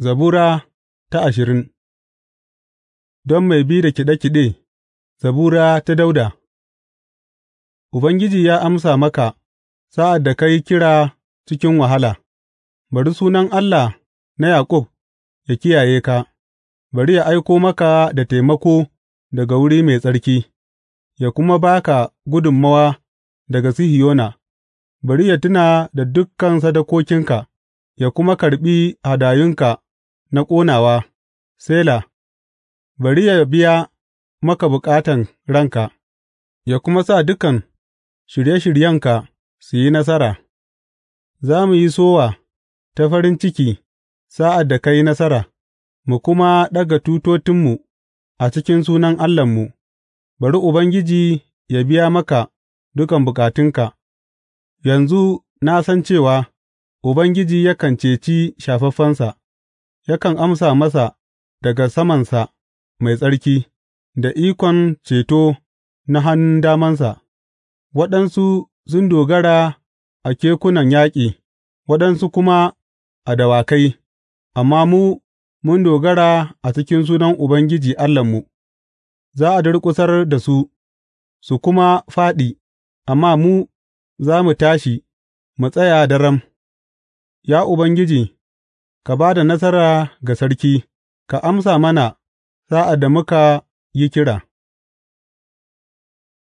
Zabura ta ashirin Don mai bi da kiɗe kiɗe, zabura ta Dauda Ubangiji ya amsa maka sa'ad da ka yi kira cikin wahala, bari sunan Allah na Yaƙub ya kiyaye ka, bari ya aiko maka da taimako daga wuri mai tsarki, ya kuma ba ka gudummawa daga Sihiyona, bari ya tuna da dukkan sadakokinka, ya kuma karɓi hadayunka. na ƙonawa, Sela, bari yă biya maka bukatan ranka, Ya kuma sa dukan shirye shiryenka su yi nasara, za mu yi sowa ta farin ciki sa'ad da ka yi nasara, mu kuma ɗaga tutotinmu a cikin sunan Allahnmu, bari Ubangiji ya biya maka dukan bukatunka, yanzu na san cewa Ubangiji yakan ceci shafaffensa. yakan amsa masa daga samansa mai tsarki, da ikon ceto na hannun damansa, waɗansu sun dogara a kekunan yaƙi, waɗansu kuma a dawakai, amma mu mun dogara a cikin sunan Ubangiji Allahnmu, za a durƙusar da su, su kuma fāɗi, amma mu za mu tashi, mu tsaya daram. Ya Ubangiji, Ka ba da nasara ga sarki; ka amsa mana sa'ad da muka yi kira.